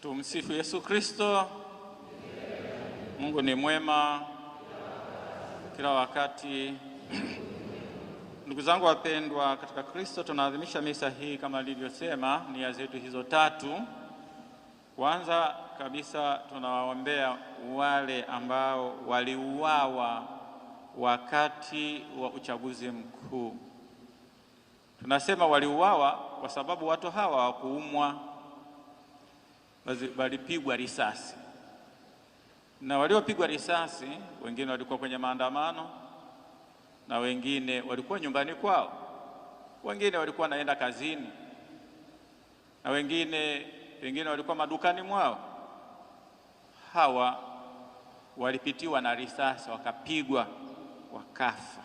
Tumsifu Yesu Kristo. Mungu ni mwema kila wakati. Ndugu zangu wapendwa katika Kristo, tunaadhimisha misa hii kama nilivyosema nia zetu hizo tatu. Kwanza kabisa tunawaombea wale ambao waliuawa wakati wa uchaguzi mkuu. Tunasema waliuawa kwa sababu watu hawa hawakuumwa walipigwa risasi, na waliopigwa risasi wengine walikuwa kwenye maandamano na wengine walikuwa nyumbani kwao, wengine walikuwa wanaenda kazini na wengine wengine walikuwa madukani mwao. Hawa walipitiwa na risasi, wakapigwa, wakafa.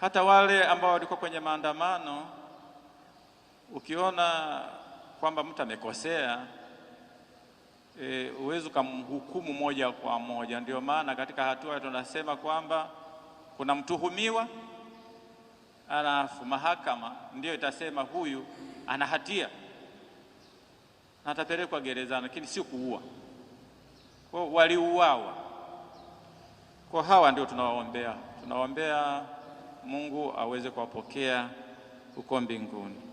Hata wale ambao walikuwa kwenye maandamano ukiona kwamba mtu amekosea, e, huwezi ukamhukumu moja kwa moja. Ndio maana katika hatua tunasema kwamba kuna mtuhumiwa, alafu mahakama ndio itasema huyu ana hatia na atapelekwa gerezani, lakini si kuua. Kwa waliuawa, kwa hawa ndio tunawaombea, tunawaombea Mungu aweze kuwapokea huko mbinguni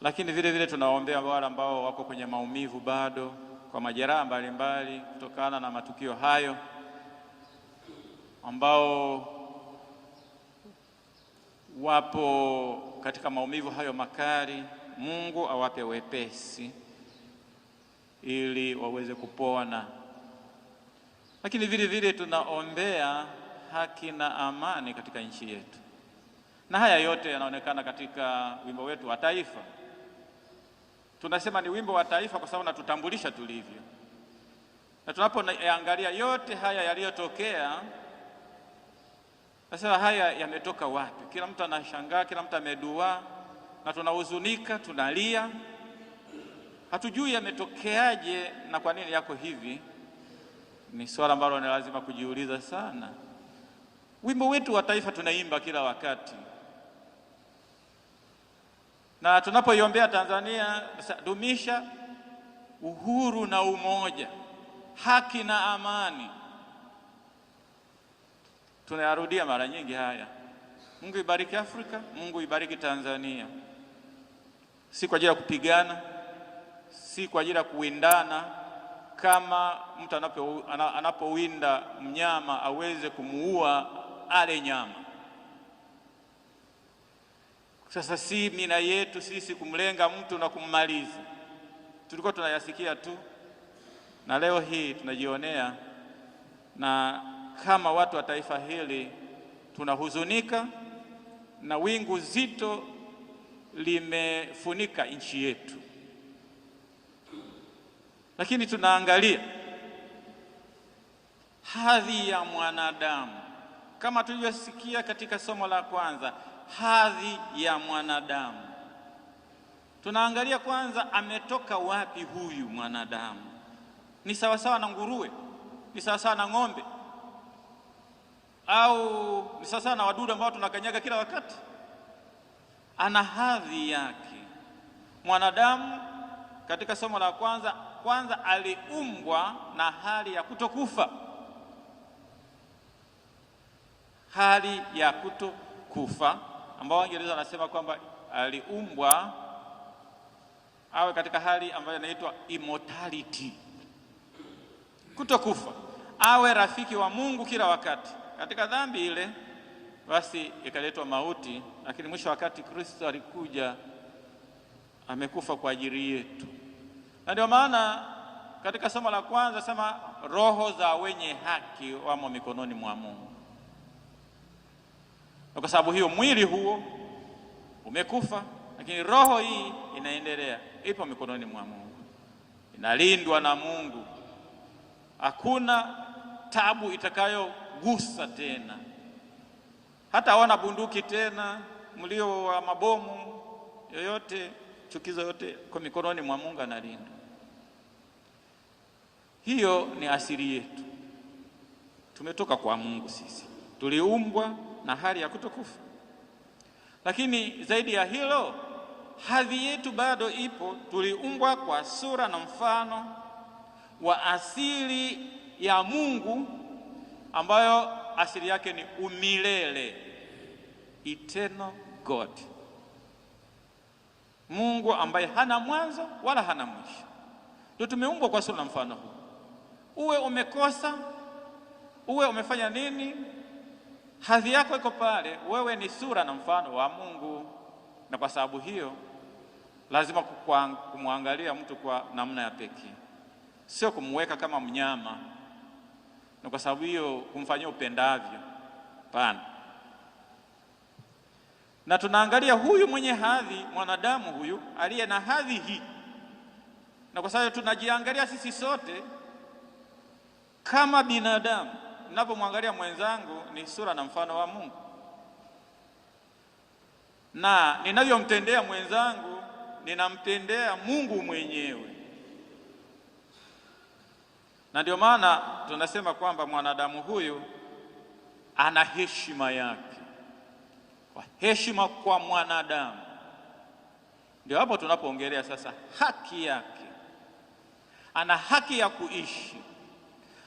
lakini vile vile tunawaombea wale ambao wako kwenye maumivu bado kwa majeraha mbalimbali kutokana na matukio hayo, ambao wapo katika maumivu hayo makali. Mungu awape wepesi ili waweze kupona. Lakini vile vile tunaombea haki na amani katika nchi yetu, na haya yote yanaonekana katika wimbo wetu wa taifa tunasema ni wimbo wa taifa kwa sababu natutambulisha tulivyo, na tunapoangalia yote haya yaliyotokea, nasema haya yametoka wapi? Kila mtu anashangaa, kila mtu amedua, na tunahuzunika, tunalia, hatujui yametokeaje na kwa nini yako hivi. Ni swala ambalo ni lazima kujiuliza sana. Wimbo wetu wa taifa tunaimba kila wakati na tunapoiombea Tanzania, dumisha uhuru na umoja, haki na amani. Tunayarudia mara nyingi haya. Mungu ibariki Afrika, Mungu ibariki Tanzania. Si kwa ajili ya kupigana, si kwa ajili ya kuwindana. Kama mtu anapowinda mnyama aweze kumuua ale nyama sasa si mina yetu sisi kumlenga mtu na kummaliza, tulikuwa tunayasikia tu, na leo hii tunajionea, na kama watu wa taifa hili tunahuzunika, na wingu zito limefunika nchi yetu, lakini tunaangalia hadhi ya mwanadamu kama tulivyosikia katika somo la kwanza hadhi ya mwanadamu. Tunaangalia kwanza, ametoka wapi huyu mwanadamu? Ni sawasawa na nguruwe? Ni sawasawa na ng'ombe? Au ni sawasawa na wadudu ambao tunakanyaga kila wakati? Ana hadhi yake mwanadamu. Katika somo la kwanza kwanza, aliumbwa na hali ya kutokufa, hali ya kutokufa ambao Waingereza wanasema kwamba aliumbwa awe katika hali ambayo inaitwa immortality, kutokufa, awe rafiki wa Mungu kila wakati. Katika dhambi ile basi ikaletwa mauti, lakini mwisho wakati Kristo alikuja amekufa kwa ajili yetu, na ndio maana katika somo la kwanza sema roho za wenye haki wamo mikononi mwa Mungu na kwa sababu hiyo mwili huo umekufa, lakini roho hii inaendelea, ipo mikononi mwa Mungu, inalindwa na Mungu. Hakuna tabu itakayogusa tena, hata hawana bunduki tena, mlio wa mabomu yoyote, chukizo yote, kwa mikononi mwa Mungu analinda. Hiyo ni asili yetu, tumetoka kwa Mungu sisi, tuliumbwa na hali ya kutokufa. Lakini zaidi ya hilo, hadhi yetu bado ipo. Tuliumbwa kwa sura na mfano wa asili ya Mungu ambayo asili yake ni umilele, eternal God, Mungu ambaye hana mwanzo wala hana mwisho. Ndio tumeumbwa kwa sura na mfano huu, uwe umekosa uwe umefanya nini hadhi yako iko pale, wewe ni sura na mfano wa Mungu, na kwa sababu hiyo lazima kumwangalia mtu kwa namna ya pekee, sio kumweka kama mnyama, na kwa sababu hiyo kumfanyia upendavyo. Pana na tunaangalia huyu mwenye hadhi, mwanadamu huyu aliye na hadhi hii, na kwa sababu tunajiangalia sisi sote kama binadamu ninapomwangalia mwenzangu ni sura na mfano wa Mungu, na ninavyomtendea mwenzangu ninamtendea Mungu mwenyewe. Na ndio maana tunasema kwamba mwanadamu huyu ana heshima yake, kwa heshima kwa mwanadamu. Ndio hapo tunapoongelea sasa haki yake, ana haki ya kuishi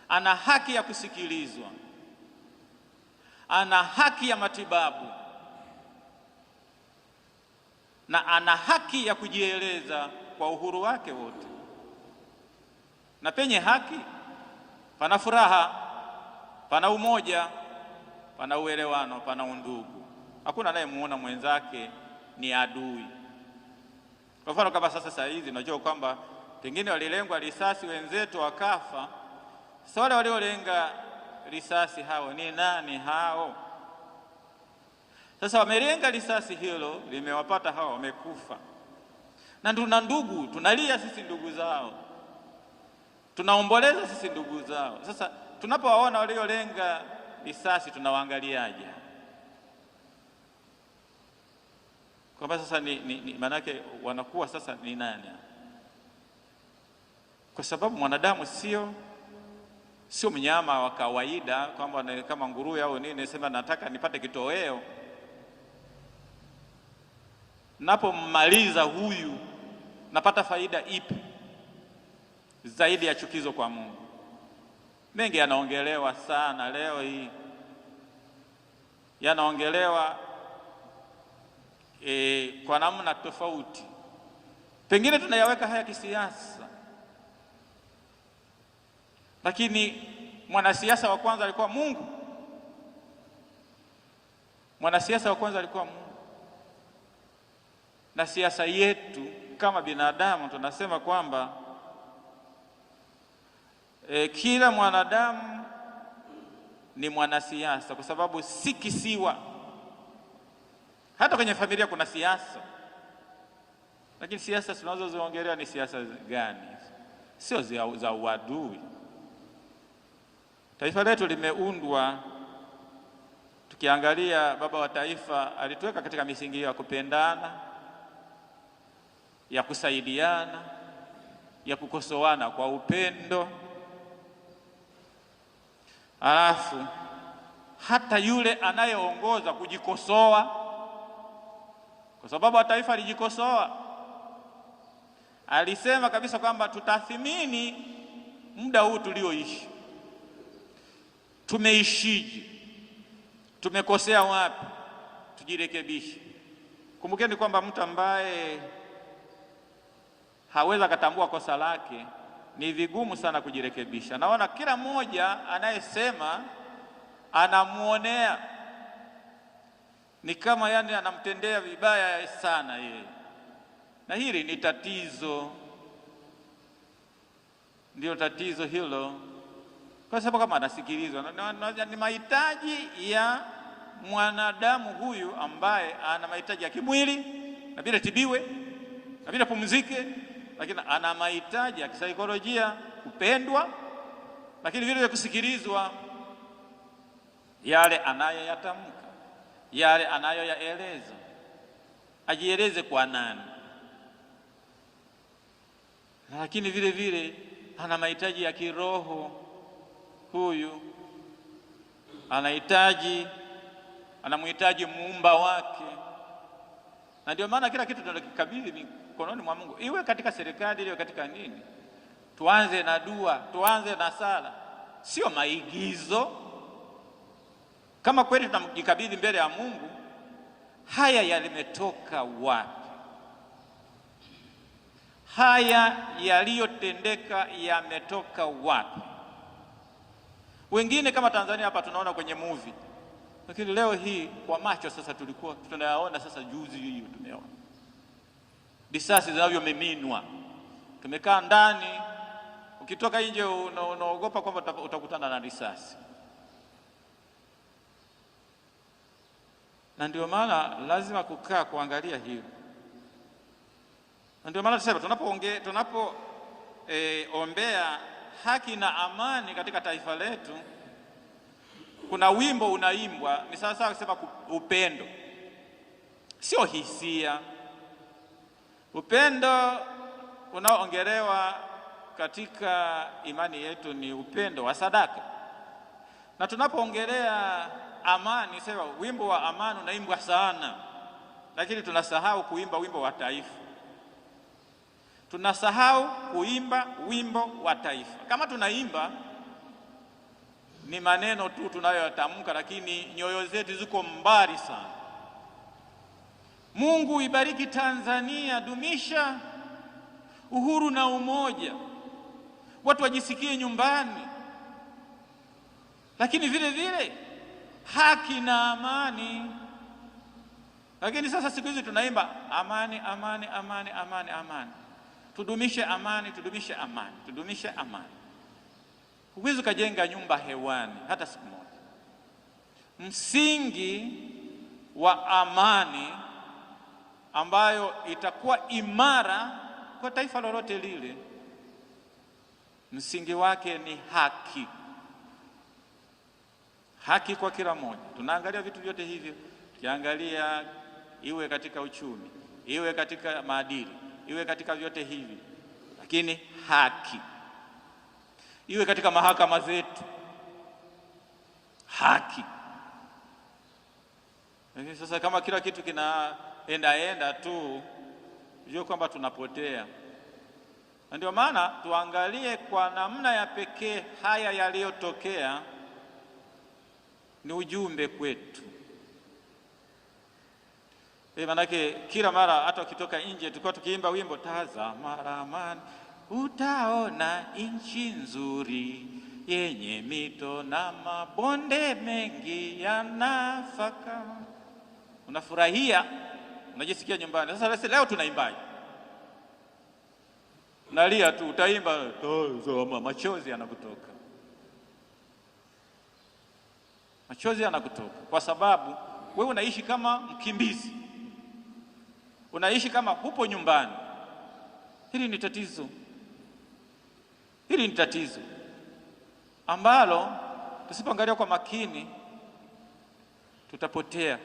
ana haki ya kusikilizwa, ana haki ya matibabu na ana haki ya kujieleza kwa uhuru wake wote, na penye haki pana furaha, pana umoja, pana uelewano, pana undugu. Hakuna anayemuona mwenzake ni adui. Kwa mfano kama sasa, saa hizi najua kwamba pengine walilengwa risasi wenzetu wakafa sasa wale waliolenga risasi hao ni nani hao? Sasa wamelenga risasi, hilo limewapata hao, wamekufa na tuna ndugu, tunalia sisi ndugu zao, tunaomboleza sisi ndugu zao. Sasa tunapowaona waliolenga risasi tunawaangaliaje? Kwamba sasa ni, ni, ni maanake wanakuwa sasa ni nani? Kwa sababu mwanadamu sio sio mnyama wa kawaida kwamba kama nguruwe au nini, sema nataka nipate kitoweo. Napommaliza huyu napata faida ipi zaidi ya chukizo kwa Mungu? Mengi yanaongelewa sana leo hii, yanaongelewa e, kwa namna tofauti, pengine tunayaweka haya kisiasa lakini mwanasiasa wa kwanza alikuwa Mungu, mwanasiasa wa kwanza alikuwa Mungu. Na siasa yetu kama binadamu tunasema kwamba e, kila mwanadamu ni mwanasiasa, kwa sababu si kisiwa. Hata kwenye familia kuna siasa, lakini siasa tunazoziongea ni siasa gani? Sio za uadui. Taifa letu limeundwa tukiangalia, baba wa taifa alituweka katika misingi ya kupendana, ya kusaidiana, ya kukosoana kwa upendo. Halafu hata yule anayeongoza kujikosoa, kwa sababu wa taifa alijikosoa, alisema kabisa kwamba tutathimini muda huu tulioishi tumeishije, tumekosea wapi, tujirekebishe. Kumbukeni kwamba mtu ambaye hawezi akatambua kosa lake ni vigumu sana kujirekebisha. Naona kila mmoja anayesema anamwonea ni kama yani anamtendea vibaya sana yeye, na hili ni tatizo, ndio tatizo hilo kwa sababu kama anasikilizwa ni mahitaji ya mwanadamu huyu ambaye ana mahitaji ya kimwili na vile tibiwe na vile pumzike, lakini ana mahitaji ya kisaikolojia kupendwa, lakini vile kusikilizwa yale anayoyatamka, yale anayoyaeleza, ajieleze kwa nani, lakini vile vile ana mahitaji ya kiroho huyu anahitaji anamhitaji muumba wake, na ndio maana kila kitu tunakikabidhi mikononi mwa Mungu, iwe katika serikali, iwe katika nini. Tuanze na dua, tuanze na sala, sio maigizo. Kama kweli tunamjikabidhi mbele ya Mungu, haya yalimetoka wapi? Haya yaliyotendeka yametoka wapi? wengine kama Tanzania hapa tunaona kwenye movie, lakini leo hii kwa macho sasa tulikuwa tunayaona, sasa juzi hiyo tumeona risasi zinavyomiminwa. Tumekaa ndani, ukitoka nje unaogopa kwamba utakutana na risasi. Na ndio maana lazima kukaa kuangalia hiyo, na ndio maana tunasema tunapoongea tunapo, onge, eh, tunapo e, ombea haki na amani katika taifa letu, kuna wimbo unaimbwa, ni sawasawa kusema upendo sio hisia. Upendo unaoongelewa katika imani yetu ni upendo wa sadaka, na tunapoongelea amani, sema wimbo wa amani unaimbwa sana, lakini tunasahau kuimba wimbo wa taifa tunasahau kuimba wimbo wa taifa. Kama tunaimba ni maneno tu tunayoyatamka, lakini nyoyo zetu ziko mbali sana. Mungu ibariki Tanzania, dumisha uhuru na umoja, watu wajisikie nyumbani, lakini vile vile haki na amani. Lakini sasa siku hizi tunaimba amani, amani, amani, amani, amani tudumishe amani, tudumishe amani, tudumishe amani. Huwezi ukajenga nyumba hewani hata siku moja. Msingi wa amani ambayo itakuwa imara kwa taifa lolote lile, msingi wake ni haki, haki kwa kila mmoja. Tunaangalia vitu vyote hivyo, tukiangalia iwe katika uchumi, iwe katika maadili iwe katika vyote hivi, lakini haki iwe katika mahakama zetu, haki. Lakini sasa kama kila kitu kinaendaenda tu, jua kwamba tunapotea. Na ndio maana tuangalie kwa namna ya pekee haya yaliyotokea ni ujumbe kwetu. Eh, manake kila mara hata ukitoka nje tulikuwa tukiimba wimbo tazama ramani, utaona nchi nzuri yenye mito na mabonde mengi ya nafaka. Unafurahia, unajisikia nyumbani. Sasa leo tunaimbaje? Nalia tu, utaimba tazama, machozi yanakutoka, machozi yanakutoka kwa sababu wewe unaishi kama mkimbizi unaishi kama hupo nyumbani. Hili ni tatizo, hili ni tatizo ambalo tusipoangalia kwa makini tutapotea.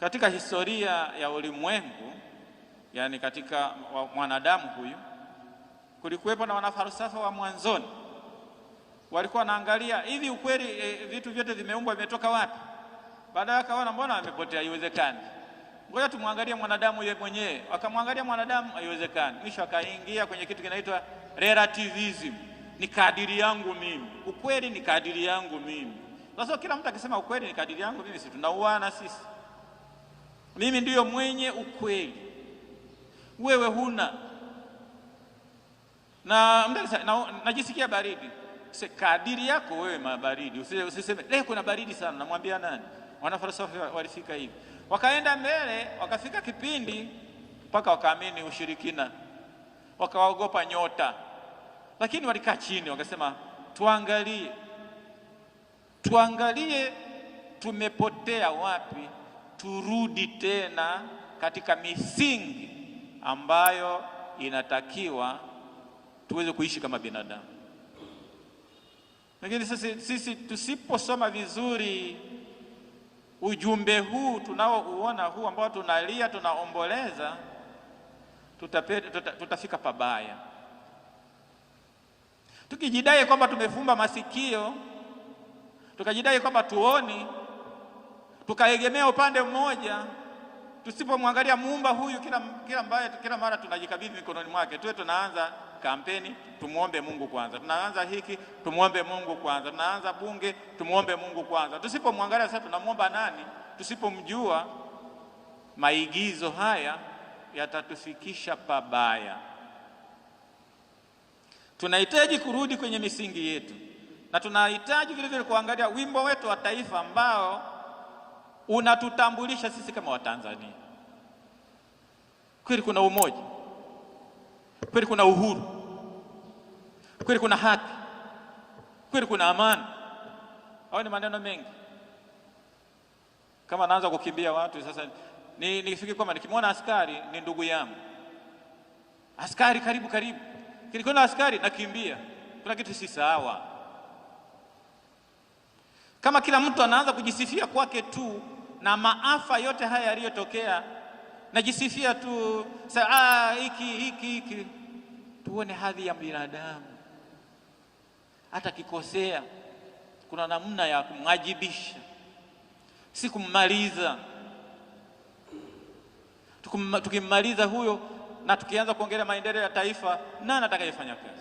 Katika historia ya ulimwengu, yani katika mwanadamu huyu, kulikuwepo na wanafalsafa wa mwanzoni, walikuwa wanaangalia hivi ukweli e, vitu vyote vimeumbwa vimetoka wapi? Baadaye akaona mbona wamepotea, iwezekani Ngoja tumwangalie mwanadamu yeye mwenyewe. akamwangalia mwanadamu, haiwezekani. Mwisho akaingia kwenye kitu kinaitwa relativism, ni kadiri yangu mimi, ukweli ni kadiri yangu mimi. Sasa kila mtu akisema ukweli ni kadiri yangu mimi, si tunauana sisi? Mimi ndiyo mwenye ukweli, wewe huna. Na najisikia na, najisikia baridi se, kadiri yako wewe mabaridi. Usiseme leo eh, kuna baridi sana, namwambia nani? Wanafalsafa walifika hivi Wakaenda mbele, wakafika kipindi mpaka wakaamini ushirikina, wakaogopa nyota. Lakini walikaa chini, wakasema tuangalie, tuangalie tumepotea wapi, turudi tena katika misingi ambayo inatakiwa tuweze kuishi kama binadamu. Lakini sisi, sisi tusiposoma vizuri ujumbe huu tunaouona huu ambao tunalia tunaomboleza, tutape, tuta, tutafika pabaya tukijidai kwamba tumefumba masikio, tukajidai kwamba tuoni, tukaegemea upande mmoja. Tusipomwangalia muumba huyu kila, kila, mbaya, kila mara tunajikabidhi mikononi mwake, tuwe tunaanza kampeni, tumwombe Mungu kwanza. Tunaanza hiki, tumwombe Mungu kwanza. Tunaanza bunge, tumwombe Mungu kwanza. Tusipomwangalia sasa, tunamwomba nani? Tusipomjua, maigizo haya yatatufikisha pabaya. Tunahitaji kurudi kwenye misingi yetu, na tunahitaji vile vile kuangalia wimbo wetu wa taifa ambao unatutambulisha sisi kama Watanzania. Kweli kuna umoja Kweli kuna uhuru, kweli kuna haki, kweli kuna amani, au ni maneno mengi? Kama naanza kukimbia watu sasa, nifikiri kwamba nikimwona askari ni ndugu yangu, askari karibu karibu, nikiona askari nakimbia. Kuna kitu si sawa. Kama kila mtu anaanza kujisifia kwake tu na maafa yote haya yaliyotokea najisifia tu saa ah, hiki hiki hiki. Tuone hadhi ya binadamu, hata kikosea kuna namna ya kumwajibisha, si kummaliza. Tukimmaliza huyo na tukianza kuongelea maendeleo ya taifa, nani atakayefanya kazi?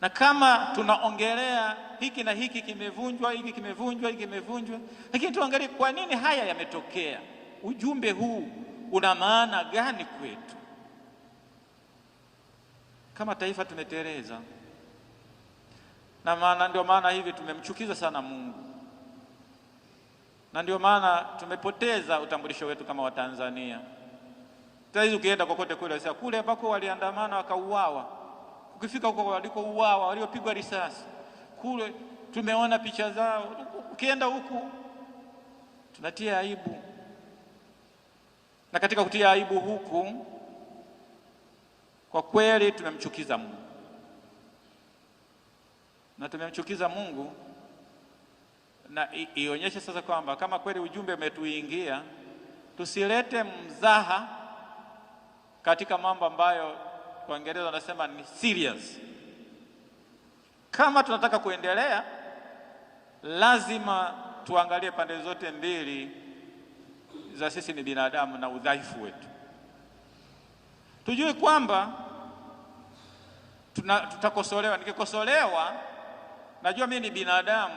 na kama tunaongelea hiki na hiki kimevunjwa, hiki kimevunjwa, hiki kimevunjwa, lakini tuangalie kwa nini haya yametokea. Ujumbe huu una maana gani kwetu? Kama taifa tumetereza, na maana ndio maana hivi tumemchukiza sana Mungu, na ndio maana tumepoteza utambulisho wetu kama Watanzania. Saa hizi ukienda kokote kule, kule ambako waliandamana wakauawa ukifika huko walikouawa, waliopigwa risasi kule, tumeona picha zao. Ukienda huku tunatia aibu, na katika kutia aibu huku, kwa kweli tumemchukiza Mungu na tumemchukiza Mungu na ionyeshe sasa kwamba kama kweli ujumbe umetuingia, tusilete mzaha katika mambo ambayo Waingereza wanasema ni serious. Kama tunataka kuendelea, lazima tuangalie pande zote mbili za sisi ni binadamu na udhaifu wetu. Tujue kwamba tuna, tutakosolewa. Nikikosolewa najua mimi ni binadamu,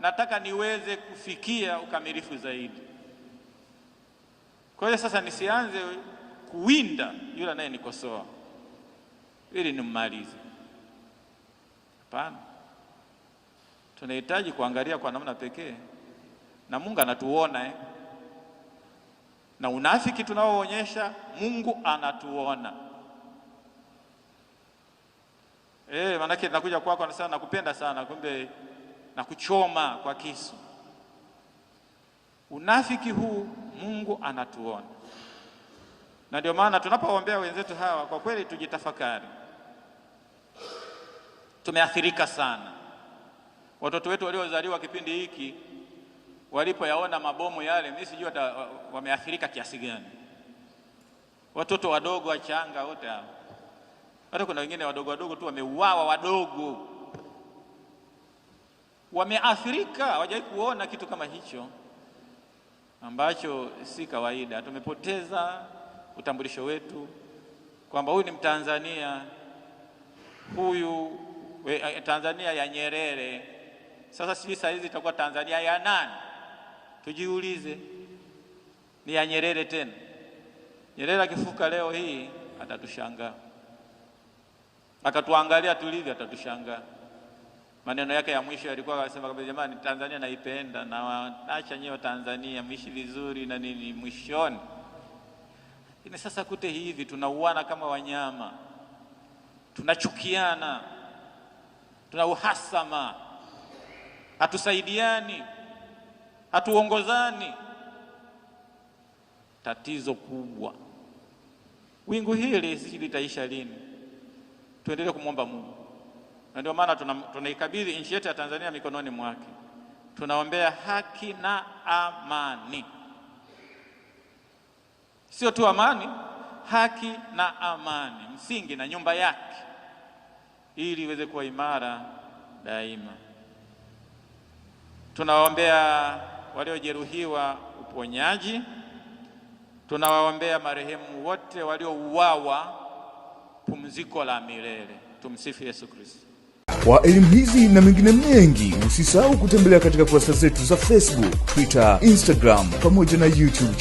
nataka niweze kufikia ukamilifu zaidi. Kwa hiyo sasa nisianze kuwinda yule anayenikosoa ili nimmalize. Hapana, tunahitaji kuangalia kwa namna pekee, na Mungu anatuona eh. Na unafiki tunaoonyesha Mungu anatuona eh, maanake nakuja kwako anasema nakupenda sana, kumbe nakuchoma kwa kisu. Unafiki huu Mungu anatuona. Na ndio maana tunapoombea wenzetu hawa, kwa kweli tujitafakari, tumeathirika sana. Watoto wetu waliozaliwa kipindi hiki walipoyaona mabomu yale, mimi sijui wameathirika kiasi gani. Watoto wadogo wachanga wote hao, hata kuna wengine wadogo wadogo tu wameuawa, wadogo wameathirika, hawajawahi kuona kitu kama hicho ambacho si kawaida. Tumepoteza utambulisho wetu kwamba huyu ni Mtanzania, huyu we, eh, Tanzania ya Nyerere. Sasa sijui saa hizi itakuwa Tanzania ya nani? Tujiulize, ni ya Nyerere tena? Nyerere akifuka leo hii atatushangaa, akatuangalia tulivyo, atatushangaa. Maneno yake ya mwisho yalikuwa akasema kwamba jamani, Tanzania naipenda na nyewe Tanzania mishi vizuri na nini mwishoni lakini sasa kute hivi tunauana kama wanyama, tunachukiana, tuna uhasama, hatusaidiani, hatuongozani. Tatizo kubwa. Wingu hili sisi litaisha lini? Tuendelee kumwomba Mungu, na ndio maana tunaikabidhi tuna nchi yetu ya Tanzania mikononi mwake, tunaombea haki na amani sio tu amani, haki na amani, msingi na nyumba yake, ili iweze kuwa imara daima. Tunawaombea waliojeruhiwa uponyaji, tunawaombea marehemu wote waliouawa pumziko la milele. Tumsifu Yesu Kristo. Kwa elimu hizi na mengine mengi, usisahau kutembelea katika kurasa zetu za Facebook, Twitter, Instagram pamoja na YouTube.